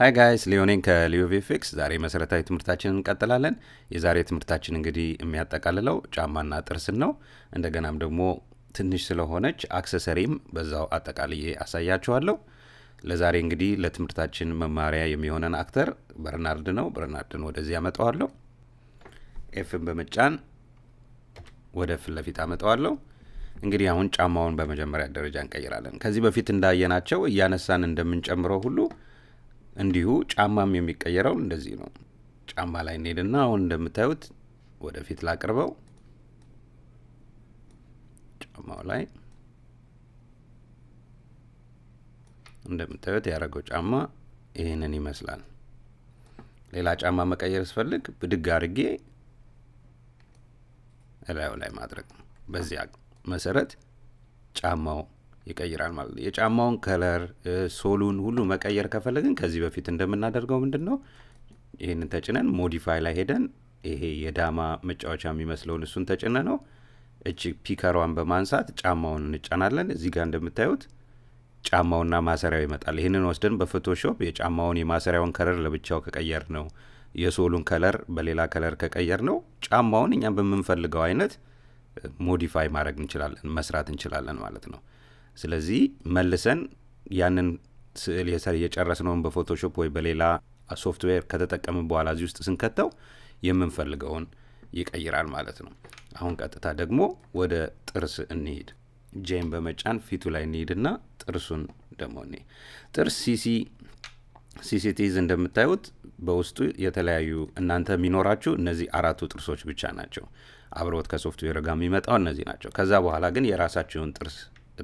ሀይ ጋይስ ሊዮኔን ፊክስ ዛሬ መሰረታዊ ትምህርታችንን እንቀጥላለን። የዛሬ ትምህርታችን እንግዲህ የሚያጠቃልለው ጫማና ጥርስን ነው። እንደገናም ደግሞ ትንሽ ስለሆነች አክሰሰሪም በዛው አጠቃልዬ አሳያችኋለሁ። ለዛሬ እንግዲህ ለትምህርታችን መማሪያ የሚሆነን አክተር በርናርድ ነው። በርናርድን ወደዚህ አመጣዋለሁ። ኤፍን በመጫን ወደ ፊት ለፊት አመጣዋለሁ። እንግዲህ አሁን ጫማውን በመጀመሪያ ደረጃ እንቀይራለን። ከዚህ በፊት እንዳየናቸው እያነሳን እንደምንጨምረው ሁሉ እንዲሁ ጫማም የሚቀየረው እንደዚህ ነው። ጫማ ላይ እንሄድና አሁን እንደምታዩት ወደፊት ላቅርበው። ጫማው ላይ እንደምታዩት ያደረገው ጫማ ይህንን ይመስላል። ሌላ ጫማ መቀየር ስፈልግ ብድግ አድርጌ እላዩ ላይ ማድረግ በዚያ መሰረት ጫማው ይቀይራል ማለት ነው። የጫማውን ከለር፣ ሶሉን ሁሉ መቀየር ከፈለግን ከዚህ በፊት እንደምናደርገው ምንድን ነው ይህንን ተጭነን ሞዲፋይ ላይ ሄደን ይሄ የዳማ መጫወቻ የሚመስለውን እሱን ተጭነ ነው እጅ ፒከሯን በማንሳት ጫማውን እንጫናለን። እዚህ ጋር እንደምታዩት ጫማውና ማሰሪያው ይመጣል። ይህንን ወስደን በፎቶሾፕ የጫማውን የማሰሪያውን ከለር ለብቻው ከቀየር ነው የሶሉን ከለር በሌላ ከለር ከቀየር ነው ጫማውን እኛም በምንፈልገው አይነት ሞዲፋይ ማድረግ እንችላለን፣ መስራት እንችላለን ማለት ነው። ስለዚህ መልሰን ያንን ስዕል የጨረስነውን በፎቶሾፕ ወይ በሌላ ሶፍትዌር ከተጠቀምን በኋላ እዚህ ውስጥ ስንከተው የምንፈልገውን ይቀይራል ማለት ነው። አሁን ቀጥታ ደግሞ ወደ ጥርስ እንሄድ። ጄን በመጫን ፊቱ ላይ እንሄድና ጥርሱን ደግሞ እንሄድ። ጥርስ ሲሲ ሲሲቲዝ እንደምታዩት በውስጡ የተለያዩ እናንተ የሚኖራችሁ እነዚህ አራቱ ጥርሶች ብቻ ናቸው። አብሮት ከሶፍትዌር ጋር የሚመጣው እነዚህ ናቸው። ከዛ በኋላ ግን የራሳችሁን ጥርስ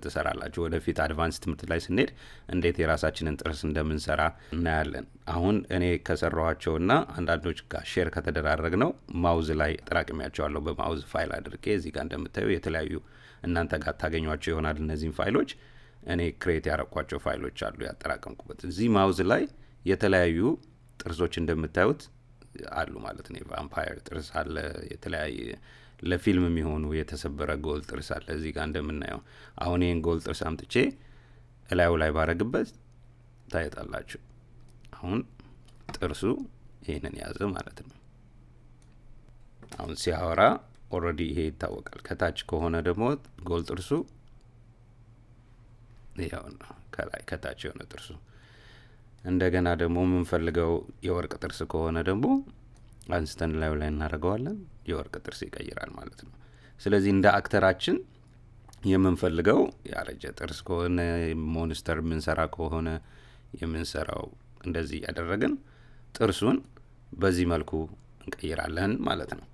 ትሰራላችሁ። ወደፊት አድቫንስ ትምህርት ላይ ስንሄድ እንዴት የራሳችንን ጥርስ እንደምንሰራ እናያለን። አሁን እኔ ከሰራኋቸውና አንዳንዶች ጋር ሼር ከተደራረግ ነው ማውዝ ላይ ጠራቅሚያቸዋለሁ። በማውዝ ፋይል አድርጌ እዚህ ጋር እንደምታዩ የተለያዩ እናንተ ጋር ታገኟቸው ይሆናል። እነዚህም ፋይሎች እኔ ክሬት ያረኳቸው ፋይሎች አሉ ያጠራቀምኩበት። እዚህ ማውዝ ላይ የተለያዩ ጥርሶች እንደምታዩት አሉ ማለት ነው። የቫምፓየር ጥርስ አለ የተለያየ ለፊልም የሚሆኑ የተሰበረ ጎል ጥርስ አለ እዚህ ጋር እንደምናየው። አሁን ይህን ጎል ጥርስ አምጥቼ እላዩ ላይ ባረግበት ታየጣላችሁ። አሁን ጥርሱ ይህንን ያዘ ማለት ነው። አሁን ሲያወራ ኦረዲ ይሄ ይታወቃል። ከታች ከሆነ ደግሞ ጎል ጥርሱ ያው ነው፣ ከላይ ከታች የሆነ ጥርሱ እንደገና ደግሞ የምንፈልገው የወርቅ ጥርስ ከሆነ ደግሞ አንስተን ላዩ ላይ እናደርገዋለን። የወርቅ ጥርስ ይቀይራል ማለት ነው። ስለዚህ እንደ አክተራችን የምንፈልገው ያረጀ ጥርስ ከሆነ ሞንስተር የምንሰራ ከሆነ የምንሰራው እንደዚህ እያደረግን ጥርሱን በዚህ መልኩ እንቀይራለን ማለት ነው።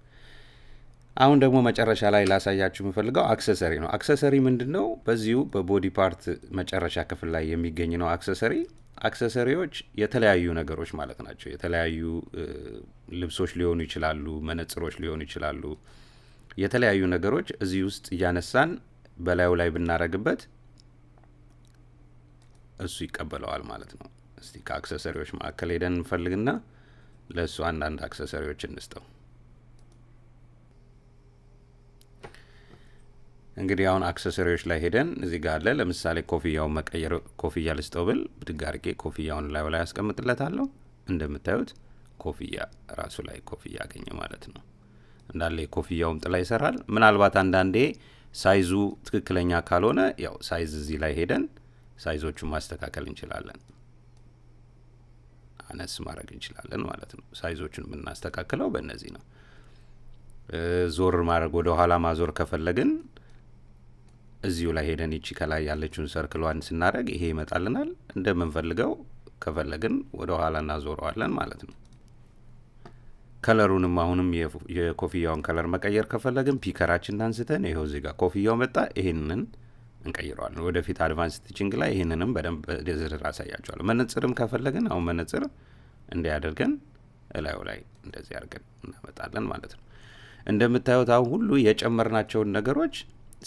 አሁን ደግሞ መጨረሻ ላይ ላሳያችሁ የምፈልገው አክሰሰሪ ነው። አክሰሰሪ ምንድን ነው? በዚሁ በቦዲ ፓርት መጨረሻ ክፍል ላይ የሚገኝ ነው አክሰሰሪ አክሰሰሪዎች የተለያዩ ነገሮች ማለት ናቸው። የተለያዩ ልብሶች ሊሆኑ ይችላሉ፣ መነጽሮች ሊሆኑ ይችላሉ። የተለያዩ ነገሮች እዚህ ውስጥ እያነሳን በላዩ ላይ ብናረግበት እሱ ይቀበለዋል ማለት ነው። እስቲ ከአክሰሰሪዎች መካከል ሄደን እንፈልግና ለእሱ አንዳንድ አክሰሰሪዎች እንስጠው። እንግዲህ አሁን አክሰሰሪዎች ላይ ሄደን እዚህ ጋር አለ። ለምሳሌ ኮፍያውን መቀየር ኮፍያ ልስጠው ብል ብድግ አድርጌ ኮፍያውን ላይ ላይ ያስቀምጥለታለሁ። እንደምታዩት ኮፍያ ራሱ ላይ ኮፍያ አገኘ ማለት ነው። እንዳለ የኮፍያውም ጥላ ይሰራል። ምናልባት አንዳንዴ ሳይዙ ትክክለኛ ካልሆነ ያው ሳይዝ እዚህ ላይ ሄደን ሳይዞቹን ማስተካከል እንችላለን። አነስ ማድረግ እንችላለን ማለት ነው። ሳይዞቹን የምናስተካክለው በእነዚህ ነው። ዞር ማድረግ ወደ ኋላ ማዞር ከፈለግን እዚሁ ላይ ሄደን ይቺ ከላይ ያለችውን ሰርክሏን ስናደርግ ይሄ ይመጣልናል እንደምንፈልገው ከፈለግን ወደ ኋላ እናዞረዋለን ማለት ነው። ከለሩንም አሁንም የኮፍያውን ከለር መቀየር ከፈለግን ፒከራችን አንስተን ይኸው እዚህ ጋር ኮፍያው መጣ። ይህንን እንቀይረዋለን። ወደፊት አድቫንስ ቲችንግ ላይ ይህንንም በደንብ ዝርዝር አሳያቸዋለሁ። መነጽርም ከፈለግን አሁን መነጽር እንዲያደርገን እላዩ ላይ እንደዚህ አድርገን እናመጣለን ማለት ነው። እንደምታዩት አሁን ሁሉ የጨመርናቸውን ነገሮች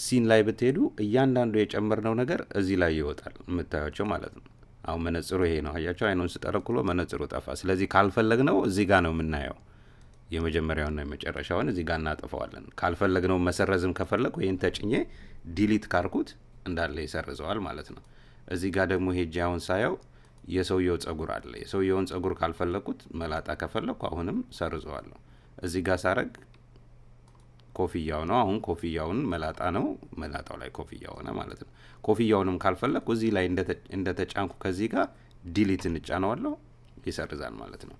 ሲን ላይ ብትሄዱ እያንዳንዱ የጨመርነው ነገር እዚህ ላይ ይወጣል የምታያቸው ማለት ነው። አሁን መነጽሩ ይሄ ነው አያቸው። አይኑን ስጠረኩሎ መነጽሩ ጠፋ። ስለዚህ ካልፈለግነው እዚህ ጋር ነው የምናየው። የመጀመሪያውና የመጨረሻውን እዚህ ጋር እናጠፈዋለን። ካልፈለግነው መሰረዝም ከፈለግ ወይም ተጭኜ ዲሊት ካርኩት እንዳለ ይሰርዘዋል ማለት ነው። እዚህ ጋር ደግሞ ሄጄ አሁን ሳየው የሰውየው ጸጉር አለ። የሰውየውን ጸጉር ካልፈለግኩት መላጣ ከፈለግኩ አሁንም ሰርዘዋለሁ። እዚህ ጋር ሳረግ ኮፍያው ነው። አሁን ኮፍያውን መላጣ ነው፣ መላጣው ላይ ኮፍያ ሆነ ማለት ነው። ኮፍያውንም ካልፈለግኩ እዚህ ላይ እንደተጫንኩ ከዚህ ጋር ዲሊት እንጫነዋለሁ፣ ይሰርዛል ማለት ነው።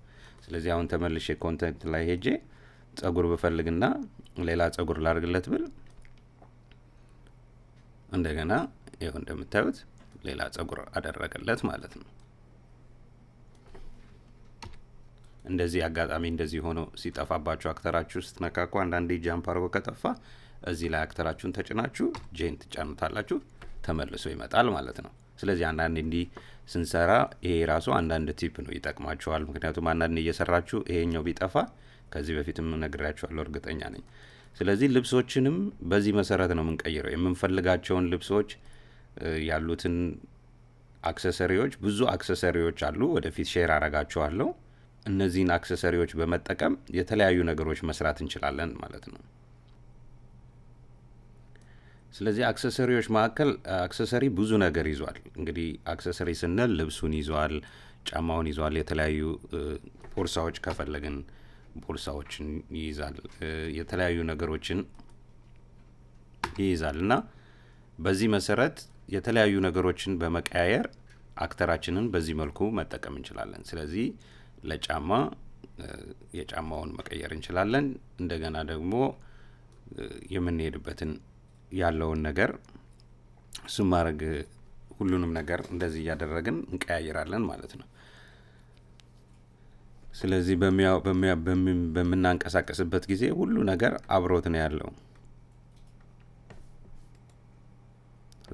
ስለዚህ አሁን ተመልሼ ኮንተንት ላይ ሄጄ ጸጉር ብፈልግና ሌላ ጸጉር ላርግለት ብል እንደገና ይኸው እንደምታዩት ሌላ ጸጉር አደረገለት ማለት ነው። እንደዚህ አጋጣሚ እንደዚህ ሆኖ ሲጠፋባችሁ አክተራችሁ ስትነካኩ አንዳንዴ ጃምፕ አርጎ ከጠፋ እዚህ ላይ አክተራችሁን ተጭናችሁ ጄን ትጫኑታላችሁ፣ ተመልሶ ይመጣል ማለት ነው። ስለዚህ አንዳንድ እንዲህ ስንሰራ ይሄ ራሱ አንዳንድ ቲፕ ነው፣ ይጠቅማችኋል። ምክንያቱም አንዳንድ እየሰራችሁ ይሄኛው ቢጠፋ ከዚህ በፊትም ነግሬያችኋለሁ፣ እርግጠኛ ነኝ። ስለዚህ ልብሶችንም በዚህ መሰረት ነው የምንቀይረው። የምንፈልጋቸውን ልብሶች ያሉትን አክሰሰሪዎች፣ ብዙ አክሰሰሪዎች አሉ፣ ወደፊት ሼር አረጋችኋለሁ። እነዚህን አክሰሰሪዎች በመጠቀም የተለያዩ ነገሮች መስራት እንችላለን ማለት ነው። ስለዚህ አክሰሰሪዎች መካከል አክሰሰሪ ብዙ ነገር ይዟል። እንግዲህ አክሰሰሪ ስንል ልብሱን ይዟል፣ ጫማውን ይዟል፣ የተለያዩ ቦርሳዎች ከፈለግን ቦርሳዎችን ይይዛል፣ የተለያዩ ነገሮችን ይይዛል እና በዚህ መሰረት የተለያዩ ነገሮችን በመቀያየር አክተራችንን በዚህ መልኩ መጠቀም እንችላለን። ስለዚህ ለጫማ የጫማውን መቀየር እንችላለን። እንደገና ደግሞ የምንሄድበትን ያለውን ነገር እሱም ማድረግ ሁሉንም ነገር እንደዚህ እያደረግን እንቀያይራለን ማለት ነው። ስለዚህ በምናንቀሳቀስበት ጊዜ ሁሉ ነገር አብሮት ነው ያለው።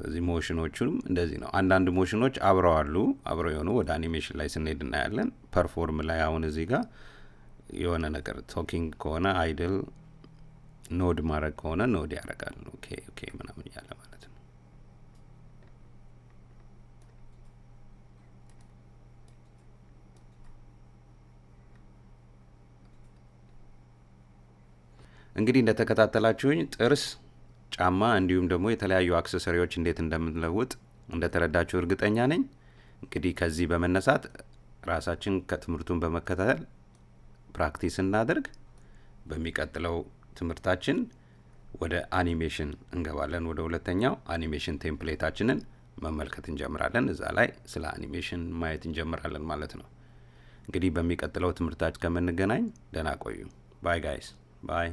እዚህ ሞሽኖቹም እንደዚህ ነው። አንዳንድ ሞሽኖች አብረው አሉ። አብረው የሆኑ ወደ አኒሜሽን ላይ ስንሄድ እናያለን። ፐርፎርም ላይ አሁን እዚህ ጋር የሆነ ነገር ቶኪንግ ከሆነ አይድል፣ ኖድ ማድረግ ከሆነ ኖድ ያደርጋል። ኦኬ ኦኬ ምናምን እያለ ማለት ነው። እንግዲህ እንደተከታተላችሁኝ ጥርስ ጫማ እንዲሁም ደግሞ የተለያዩ አክሰሰሪዎች እንዴት እንደምንለውጥ እንደተረዳችሁ እርግጠኛ ነኝ። እንግዲህ ከዚህ በመነሳት ራሳችን ከትምህርቱን በመከታተል ፕራክቲስ እናደርግ። በሚቀጥለው ትምህርታችን ወደ አኒሜሽን እንገባለን። ወደ ሁለተኛው አኒሜሽን ቴምፕሌታችንን መመልከት እንጀምራለን። እዛ ላይ ስለ አኒሜሽን ማየት እንጀምራለን ማለት ነው። እንግዲህ በሚቀጥለው ትምህርታችን ከምንገናኝ ደህና ቆዩ። ባይ ጋይስ ባይ።